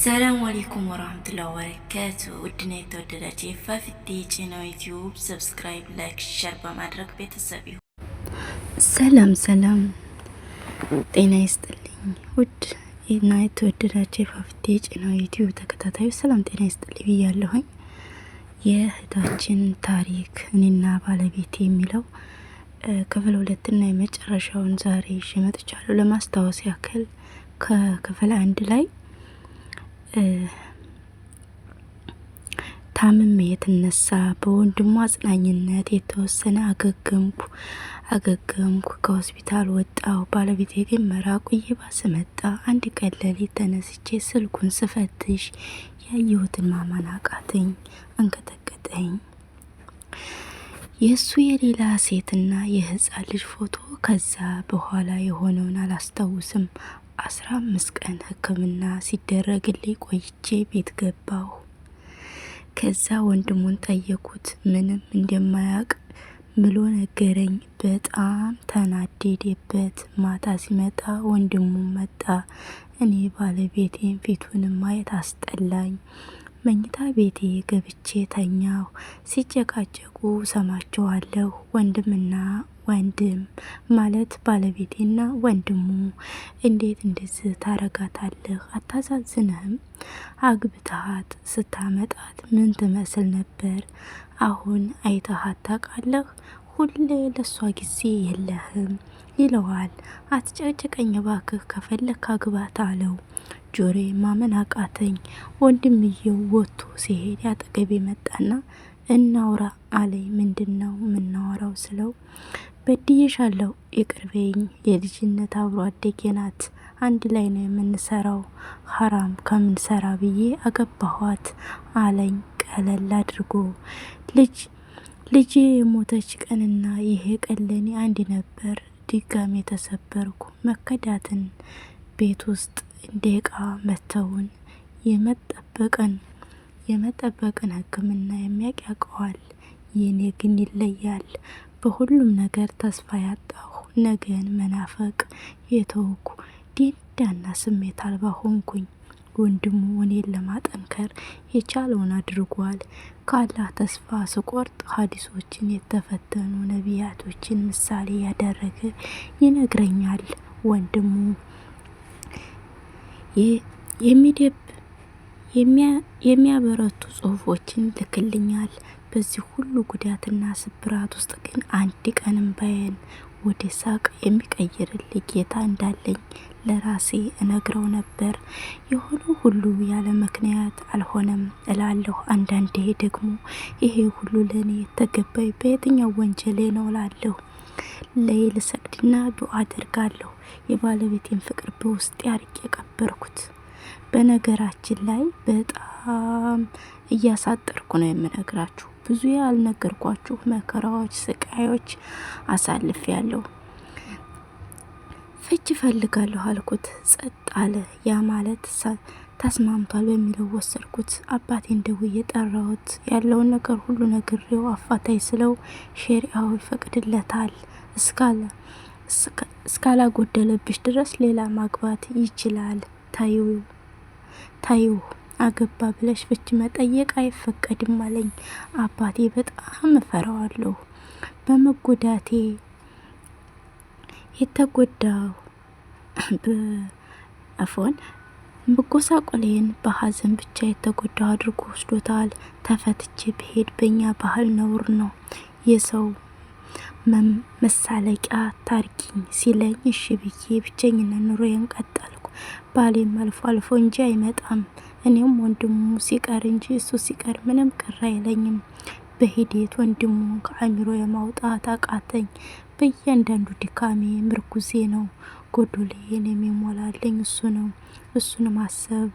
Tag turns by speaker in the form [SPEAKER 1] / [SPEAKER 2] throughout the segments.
[SPEAKER 1] ሰላም አሌይኩም ወረህመቱላ ወበረካቱ። ውድና የተወደዳችሁ የፋፊቴ ቻናል ዩቲዩብ ሰብስክራይብ፣ ላይክ፣ ሸር በማድረግ ቤተሰብ ይሁን።
[SPEAKER 2] ሰላም ሰላም፣ ጤና ይስጥልኝ። ውድ እና የተወደዳችሁ የፋፊቴ ቻናል ዩቲዩብ ተከታታዮች ሰላም ጤና ይስጥልኝ ብያለሁኝ። የእህታችን ታሪክ እኔና ባለቤቴ የሚለው ክፍል ሁለትና የመጨረሻውን ዛሬ ይዤ መጥቻለሁ። ለማስታወስ ያክል ከክፍል አንድ ላይ ታምም የተነሳ በወንድሙ አጽናኝነት የተወሰነ አገገምኩ አገገምኩ ከሆስፒታል ወጣሁ። ባለቤቴ ግን መራቁ እየባሰ መጣ። አንድ ቀን ሌሊት ተነስቼ ስልኩን ስፈትሽ ያየሁትን ማመን አቃተኝ፣ አንቀጠቀጠኝ። የእሱ የሌላ ሴትና የህፃን ልጅ ፎቶ። ከዛ በኋላ የሆነውን አላስታውስም። አስራ አምስት ቀን ህክምና ሲደረግልኝ ቆይቼ ቤት ገባሁ። ከዛ ወንድሙን ጠየኩት። ምንም እንደማያውቅ ምሎ ነገረኝ። በጣም ተናደደበት። ማታ ሲመጣ ወንድሙ መጣ። እኔ ባለቤቴን ፊቱንም ማየት አስጠላኝ። መኝታ ቤቴ ገብቼ ተኛሁ። ሲጨቃጨቁ ሰማቸዋለሁ። ወንድምና ወንድም ማለት ባለቤቴና ወንድሙ እንዴት እንደዚህ ታረጋታለህ? አታሳዝንህም? አግብተሃት ስታመጣት ምን ትመስል ነበር? አሁን አይተሃት ታውቃለህ? ሁሌ ለሷ ጊዜ የለህም ይለዋል። አትጨቅጭቀኝ ባክህ፣ ከፈለግ አግባት አለው። ጆሬ ማመን አቃተኝ። ወንድምዬው ወጥቶ ሲሄድ አጠገቤ መጣና እናውራ አለኝ። ምንድን ነው የምናወራው ስለው በድዬሻለሁ፣ የቅርቤኝ የልጅነት አብሮ አደጌ ናት፣ አንድ ላይ ነው የምንሰራው፣ ሀራም ከምንሰራ ብዬ አገባኋት አለኝ ቀለል አድርጎ። ልጅ ልጄ የሞተች ቀንና ይሄ ቀን ለኔ አንድ ነበር። ድጋሜ ተሰበርኩ መከዳትን ቤት ውስጥ እንደ እቃ መተውን የመጠበቀን የመጠበቅን ሕክምና የሚያቅ ያውቀዋል። የኔ ግን ይለያል። በሁሉም ነገር ተስፋ ያጣሁ፣ ነገን መናፈቅ የተውኩ ዲዳና ስሜት አልባ ሆንኩኝ። ወንድሙ እኔን ለማጠንከር የቻለውን አድርጓል። ካላህ ተስፋ ስቆርጥ ሀዲሶችን የተፈተኑ ነቢያቶችን ምሳሌ ያደረገ ይነግረኛል ወንድሙ የሚደብ የሚያበረቱ ጽሁፎችን ልክልኛል። በዚህ ሁሉ ጉዳትና ስብራት ውስጥ ግን አንድ ቀንም እንባዬን ወደ ሳቅ የሚቀይርልኝ ጌታ እንዳለኝ ለራሴ እነግረው ነበር። የሆነ ሁሉ ያለ ምክንያት አልሆነም እላለሁ። አንዳንዴ ደግሞ ይሄ ሁሉ ለእኔ የተገባኝ በየትኛው ወንጀሌ ነው እላለሁ። ለይል ሰግድና ዱአ አደርጋለሁ። የባለቤቴን ፍቅር በውስጤ አርቄ የቀበርኩት። በነገራችን ላይ በጣም እያሳጠርኩ ነው የምነግራችሁ። ብዙ ያልነገርኳችሁ መከራዎች፣ ስቃዮች አሳልፍ ያለሁ ፍች እፈልጋለሁ አልኩት። ጸጥ አለ። ያ ማለት ተስማምቷል በሚለው ወሰድኩት። አባቴን ደውዬ ጠራሁት። ያለውን ነገር ሁሉ ነግሬው አፋታይ ስለው ሼሪአው ይፈቅድለታል እስካለ እስካላጎደለብሽ ድረስ ሌላ ማግባት ይችላል። ታዩ አገባ ብለሽ ፍች መጠየቅ አይፈቀድም አለኝ። አባቴ በጣም እፈራዋለሁ። በመጎዳቴ የተጎዳው አፎን መጎሳቆሌን በሀዘን ብቻ የተጎዳው አድርጎ ወስዶታል። ተፈትቼ ብሄድ በእኛ ባህል ነውር ነው። የሰው መሳለቂያ ታርጊኝ ሲለኝ እሺ ብዬ ብቸኝነት ኑሮዬን ቀጠልኩ። ባሌም አልፎ አልፎ እንጂ አይመጣም። እኔም ወንድሙ ሲቀር እንጂ እሱ ሲቀር ምንም ቅር አይለኝም። በሂደት ወንድሙ ከአእምሮ የማውጣት አቃተኝ። በእያንዳንዱ ድካሜ ምርኩዜ ነው። ጎዶልዬን የሚሞላልኝ እሱ ነው። እሱን ማሰብ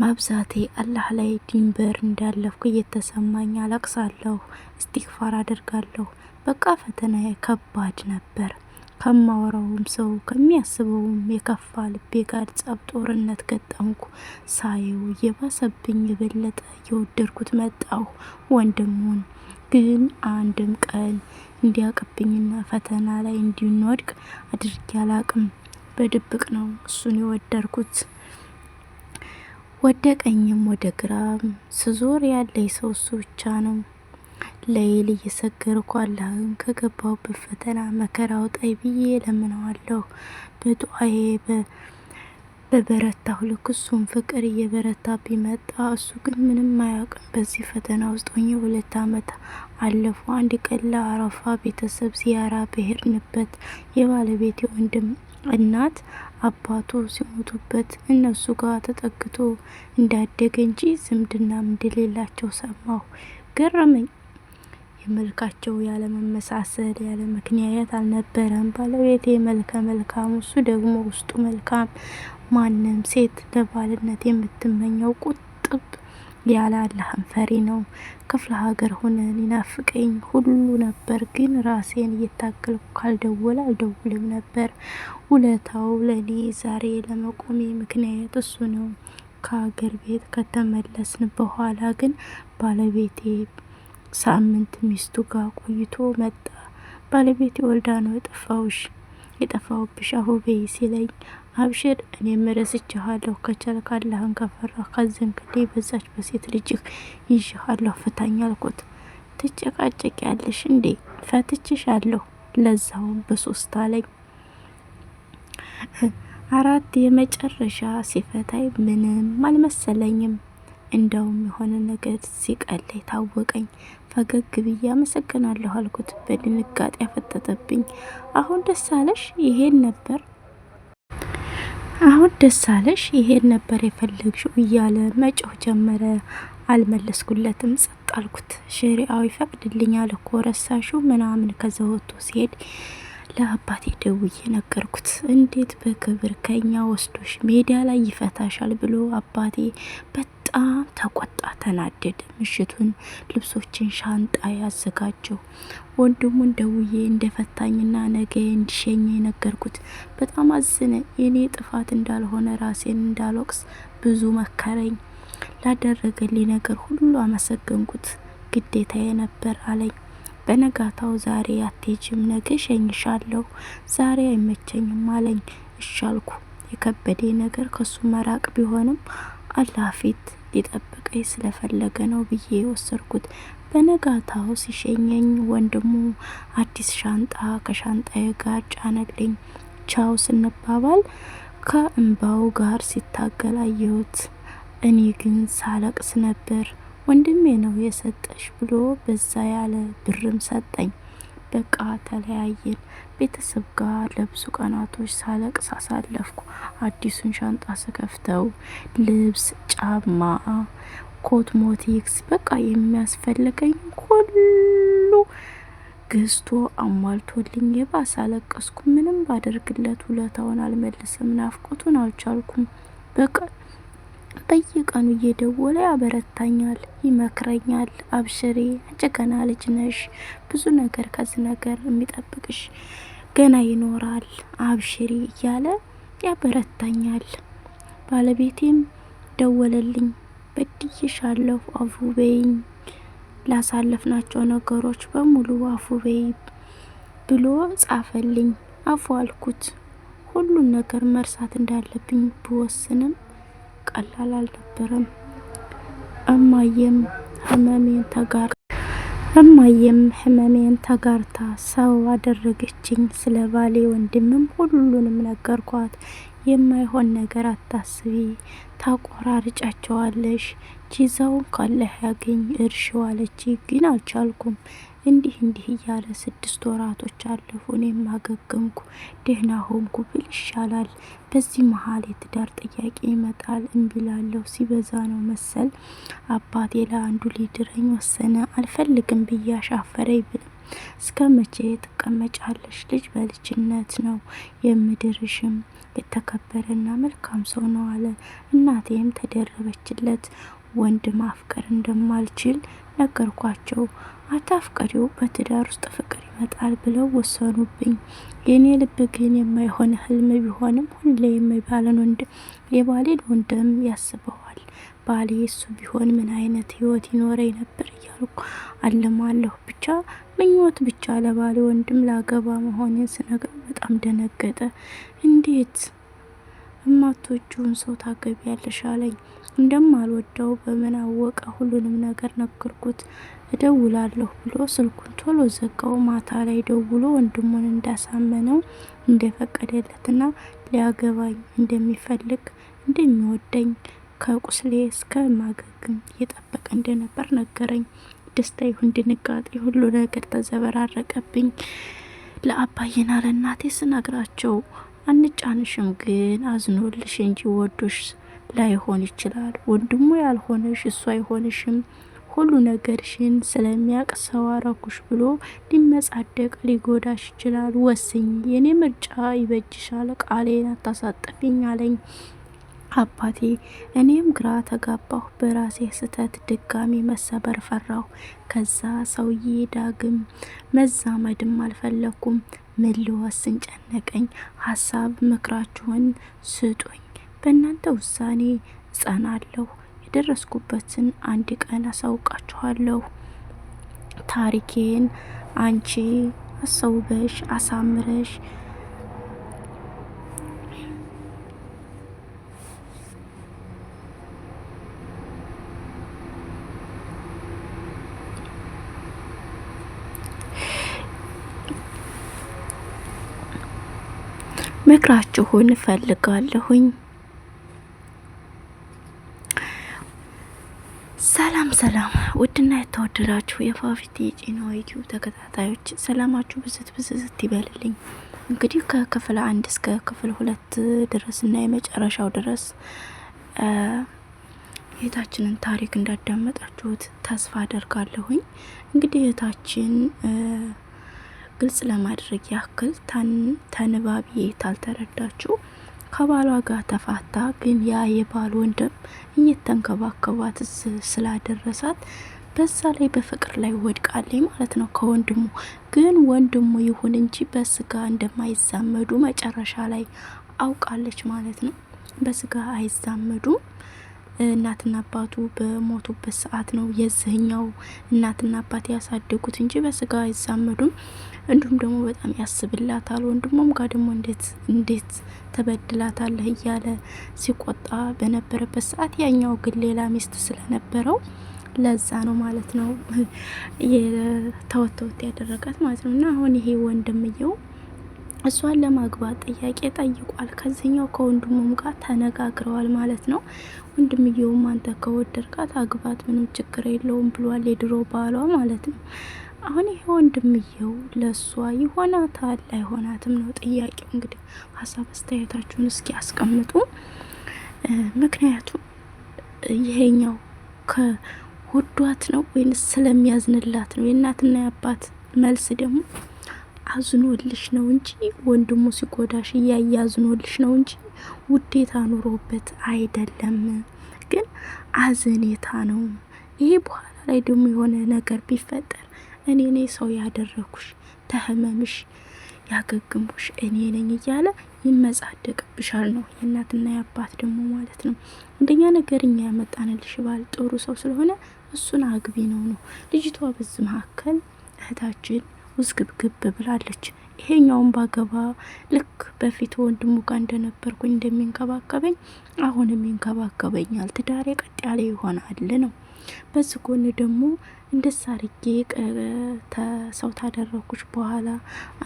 [SPEAKER 2] ማብዛቴ አላህ ላይ ድንበር እንዳለፍኩ እየተሰማኝ አለቅሳለሁ፣ እስቲክፋር አድርጋለሁ በቃ ፈተና ከባድ ነበር። ከማወራውም ሰው ከሚያስበውም የከፋ ልቤ ጋር ጸብ፣ ጦርነት ገጠምኩ። ሳየው እየባሰብኝ የበለጠ እየወደድኩት መጣሁ ወንድሙን ግን አንድም ቀን እንዲያቅብኝና ፈተና ላይ እንዲንወድቅ አድርጌ አላቅም። በድብቅ ነው እሱን የወደርኩት። ወደ ቀኝም ወደ ግራም ስዞር ያለኝ ሰው እሱ ብቻ ነው። ለይል እየሰገርኩ አላህን ከገባሁበት ፈተና መከራ አውጣኝ ብዬ ለምነዋለሁ። በዱአዬ በበረታሁ ልክ እሱም ፍቅር እየበረታ ቢመጣ እሱ ግን ምንም አያውቅም። በዚህ ፈተና ውስጥ ሆኜ ሁለት አመት አለፉ። አንድ ቀን ለአረፋ ቤተሰብ ዚያራ ብሄርንበት የባለቤቴ ወንድም እናት አባቱ ሲሞቱበት እነሱ ጋር ተጠግቶ እንዳደገ እንጂ ዝምድናም እንደሌላቸው ሰማሁ። ገረመኝ። የመልካቸው ያለ መመሳሰል ያለ ምክንያት አልነበረም። ባለቤቴ መልከ መልካም፣ እሱ ደግሞ ውስጡ መልካም። ማንም ሴት ለባልነት የምትመኘው ቁጥብ ያለ አላህን ፈሪ ነው። ክፍለ ሀገር ሆነን ይናፍቀኝ ሁሉ ነበር፣ ግን ራሴን እየታገልኩ ካልደወለ አልደውልም ነበር። ውለታው ለእኔ ዛሬ ለመቆሜ ምክንያት እሱ ነው። ከሀገር ቤት ከተመለስን በኋላ ግን ባለቤቴ ሳምንት ሚስቱ ጋር ቆይቶ መጣ። ባለቤቴ ወልዳ ነው የጠፋውሽ የጠፋውብሽ አሁቤ ሲለኝ አብሽር እኔ ረስቼሃለሁ። ከቻልክ አላህን ከዘን ክሌ በዛች በሴት ልጅህ ይዤሃለሁ ፍታኝ አልኩት። ትጨቃጨቅ ያለሽ እንዴ? ፈትቼሻለሁ፣ ለዛውም በሶስት አለኝ። አራት የመጨረሻ ሲፈታይ ምንም አልመሰለኝም። እንደውም የሆነ ነገር ሲቀለኝ ታወቀኝ። ፈገግ ብዬ አመሰግናለሁ አልኩት። በድንጋጤ ያፈጠጠብኝ። አሁን ደስ አለሽ? ይሄን ነበር አሁን ደስ አለሽ? ይሄን ነበር የፈለግሽው? እያለ መጮህ ጀመረ። አልመለስኩለትም። ጸጥ አልኩት። ሽሪአው ይፈቅድልኛል እኮ ረሳሹ ምናምን ከዛ ወጥቶ ሲሄድ ለአባቴ ደውዬ ነገርኩት። እንዴት በክብር ከኛ ወስዶሽ ሜዳ ላይ ይፈታሻል ብሎ አባቴ በጣም ተቆጣ፣ ተናደደ። ምሽቱን ልብሶችን ሻንጣ ያዘጋጀው ወንድሙን ደውዬ እንደፈታኝና ነገ እንዲሸኝ የነገርኩት በጣም አዝነ። የኔ ጥፋት እንዳልሆነ ራሴን እንዳልወቅስ ብዙ መከረኝ። ላደረገልኝ ነገር ሁሉ አመሰገንኩት። ግዴታዬ ነበር አለኝ። በነጋታው ዛሬ አትሄጂም፣ ነገ ሸኝሻለሁ፣ ዛሬ አይመቸኝም አለኝ። እሻልኩ የከበደ ነገር ከሱ መራቅ ቢሆንም አላፊት ሊጠብቀኝ ስለፈለገ ነው ብዬ የወሰድኩት። በነጋታው ሲሸኘኝ ወንድሙ አዲስ ሻንጣ ከሻንጣዬ ጋር ጫነልኝ። ቻው ስንባባል ከእንባው ጋር ሲታገል አየሁት። እኔ ግን ሳለቅስ ነበር። ወንድሜ ነው የሰጠሽ ብሎ በዛ ያለ ብርም ሰጠኝ። በቃ ተለያየን። ቤተሰብ ጋር ለብዙ ቀናቶች ሳለቅስ አሳለፍኩ። አዲሱን ሻንጣ ስከፍተው ልብስ፣ ጫማ፣ ሞቲክስ በቃ የሚያስፈልገኝ ሁሉ ገዝቶ አሟልቶልኝ የባሰ አለቀስኩ። ምንም ባደርግለት ውለታውን አልመልስም፣ ናፍቆቱን አልቻልኩም። በቃ በየቀኑ እየደወለ ያበረታኛል፣ ይመክረኛል። አብሽሬ አንቺ ልጅ ነሽ፣ ብዙ ነገር ከዚህ ነገር የሚጠብቅሽ ገና ይኖራል፣ አብሽሪ እያለ ያበረታኛል። ባለቤቴም ደወለልኝ። በድዬሻለሁ፣ አፉ በይኝ፣ ላሳለፍናቸው ነገሮች በሙሉ አፉ በይ ብሎ ጻፈልኝ። አፉ አልኩት። ሁሉን ነገር መርሳት እንዳለብኝ ብወስንም ቀላል አልነበረም። እማየም ህመሜን ተጋር እማዬም ህመሜን ተጋርታ ሰው አደረገችኝ። ስለ ባሌ ወንድምም ሁሉንም ነገርኳት። የማይሆን ነገር አታስቢ፣ ታቆራርጫቸዋለሽ። ጂዛውን ካለህ ያገኝ እርሺው አለች። ግን አልቻልኩም። እንዲህ እንዲህ እያለ ስድስት ወራቶች አለፉ። እኔም አገገምኩ፣ ደህና ሆንኩ ብል ይሻላል። በዚህ መሀል የትዳር ጥያቄ ይመጣል። እምቢላለሁ ሲበዛ ነው መሰል። አባቴ ለአንዱ ሊድረኝ ወሰነ። አልፈልግም ብያሽ አፈረኝ ይብል እስከ መቼ ትቀመጫለሽ? ልጅ በልጅነት ነው የምድርሽም የተከበረና መልካም ሰው ነው አለ። እናቴም ተደረበችለት። ወንድ ማፍቀር እንደማልችል ነገርኳቸው። አታፍቀሪው በትዳር ውስጥ ፍቅር ይመጣል ብለው ወሰኑብኝ። የእኔ ልብ ግን የማይሆን ህልም ቢሆንም ሁሌም የሚባለን ወንድ የባሌን ወንድም ያስበዋል። ባሌ እሱ ቢሆን ምን አይነት ህይወት ይኖረኝ ነበር እያልኩ አለማለሁ። ብቻ ምኞት ብቻ። ለባሌ ወንድም ላገባ መሆንን ስነግረው በጣም ደነገጠ። እንዴት እማቶቹን ሰው ታገቢ አለኝ። እንደማልወደው በምን አወቀ? ሁሉንም ነገር ነገርኩት። እደውላለሁ ብሎ ስልኩን ቶሎ ዘጋው። ማታ ላይ ደውሎ ወንድሙን እንዳሳመነው እንደፈቀደለትና ሊያገባኝ እንደሚፈልግ እንደሚወደኝ ከቁስሌ እስከ ማገግም እየጠበቀ እንደነበር ነገረኝ። ደስታ ይሁን ድንጋጤ ሁሉ ነገር ተዘበራረቀብኝ። ለአባዬና ለእናቴ ስነግራቸው አንጫንሽም ግን አዝኖልሽ እንጂ ወዶሽ ላይሆን ይችላል። ወንድሙ ያልሆነሽ እሱ አይሆንሽም ሁሉ ነገርሽን ስለሚያቅ ሰው አረኩሽ ብሎ ሊመጻደቅ ሊጎዳሽ ይችላል። ወስኝ፣ የኔ ምርጫ ይበጅሻል፣ ቃሌን አታሳጥፊኝ አለኝ አባቴ። እኔም ግራ ተጋባሁ። በራሴ ስህተት ድጋሚ መሰበር ፈራሁ። ከዛ ሰውዬ ዳግም መዛመድም አልፈለኩም። ምን ልወስን ጨነቀኝ። ሀሳብ ምክራችሁን ስጡኝ። በእናንተ ውሳኔ እጸናለሁ። የደረስኩበትን አንድ ቀን አሳውቃችኋለሁ። ታሪኬን አንቺ አሰውበሽ አሳምረሽ ምክራችሁን እፈልጋለሁኝ። ውድና የተወደዳችሁ የፋፊቲ የጭኖ ዩቲዩብ ተከታታዮች ሰላማችሁ ብዝት ብዝዝት ይበልልኝ። እንግዲህ ከክፍል አንድ እስከ ክፍል ሁለት ድረስ እና የመጨረሻው ድረስ የእህታችንን ታሪክ እንዳዳመጣችሁት ተስፋ አደርጋለሁኝ። እንግዲህ እህታችን ግልጽ ለማድረግ ያክል ተንባቢ አልተረዳችሁ ከባሏ ጋር ተፋታ። ግን ያ የባል ወንድም እየተንከባከባት ስላደረሳት በዛ ላይ በፍቅር ላይ ወድቃለች ማለት ነው ከወንድሙ ግን ወንድሙ ይሁን እንጂ በስጋ እንደማይዛመዱ መጨረሻ ላይ አውቃለች ማለት ነው። በስጋ አይዛመዱም። እናትና አባቱ በሞቱበት ሰዓት ነው የዚህኛው እናትና አባት ያሳደጉት እንጂ በስጋ አይዛመዱም። እንዲሁም ደግሞ በጣም ያስብላታል። ወንድሞም ጋር ደግሞ እንዴት እንዴት ተበድላታለህ እያለ ሲቆጣ በነበረበት ሰዓት ያኛው ግን ሌላ ሚስት ስለነበረው ለዛ ነው ማለት ነው ተወተወት ያደረጋት ማለት ነው። እና አሁን ይሄ ወንድምየው እሷን ለማግባት ጥያቄ ጠይቋል። ከዚህኛው ከወንድሙም ጋር ተነጋግረዋል ማለት ነው። ወንድምየውም አንተ ከወደድካት አግባት፣ ምንም ችግር የለውም ብሏል፣ የድሮ ባሏ ማለት ነው። አሁን ይሄ ወንድምየው ለእሷ ይሆናታል አይሆናትም ነው ጥያቄው። እንግዲህ ሀሳብ አስተያየታችሁን እስኪ አስቀምጡ። ምክንያቱም ይሄኛው ከወዷት ነው ወይንስ ስለሚያዝንላት ነው? የእናትና የአባት መልስ ደግሞ አዝኖልሽ ነው እንጂ ወንድሙ ሲጎዳሽ እያየ አዝኖልሽ ነው እንጂ ውዴታ ኑሮበት አይደለም፣ ግን አዘኔታ ነው። ይሄ በኋላ ላይ ደግሞ የሆነ ነገር ቢፈጠር እኔ ነኝ ሰው ያደረኩሽ፣ ተህመምሽ ያገግምኩሽ እኔ ነኝ እያለ ይመጻደቅብሻል ነው። የእናትና የአባት ደግሞ ማለት ነው። አንደኛ ነገር እኛ ያመጣንልሽ ባል ጥሩ ሰው ስለሆነ እሱን አግቢ ነው ነው። ልጅቷ በዚ መካከል እህታችን ውዝግብግብ ብላለች። ይሄኛውን ባገባ ልክ በፊት ወንድሙ ጋር እንደነበርኩኝ እንደሚንከባከበኝ አሁንም ይንከባከበኛል፣ ትዳሬ ቀጥ ያለ ይሆናል ነው በዚህ ጎን ደግሞ እንደሳርጌ ሰው ታደረኩች በኋላ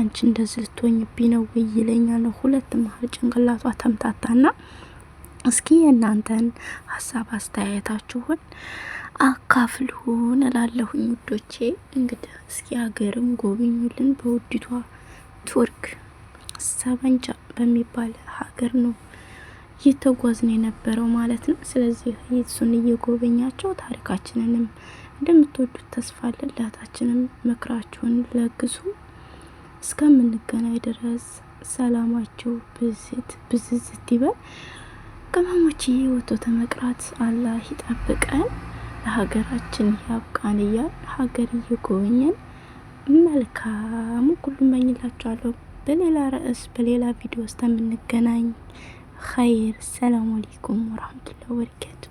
[SPEAKER 2] አንቺ እንደዚህ ልትሆኝብኝ ነው ወይ ይለኛል። ሁለት መሀል ጭንቅላቷ ተምታታና እስኪ የእናንተን ሀሳብ አስተያየታችሁን አካፍሉን እላለሁኝ ውዶቼ። እንግዲህ እስኪ ሀገርም ጎብኙልን። በውዲቷ ቱርክ ሰበንጃ በሚባል ሀገር ነው እየተጓዝን የነበረው ማለት ነው። ስለዚህ እሱን እየጎበኛቸው ታሪካችንንም እንደምትወዱት ተስፋ አለን። ላታችንም ምክራችሁን ለግሱ። እስከምንገናኝ ድረስ ሰላማችሁ ብዝት ብዝዝት ይበል። ቅመሞችዬ ወቶ ተመቅራት አላህ ይጠብቀን፣ ለሀገራችን ያብቃን እያል ሀገር እየጎበኘን መልካሙ ሁሉ መኝላችኋለሁ። በሌላ ርዕስ በሌላ ቪዲዮ ውስጥ خير السلام عليكم ورحمة الله وبركاته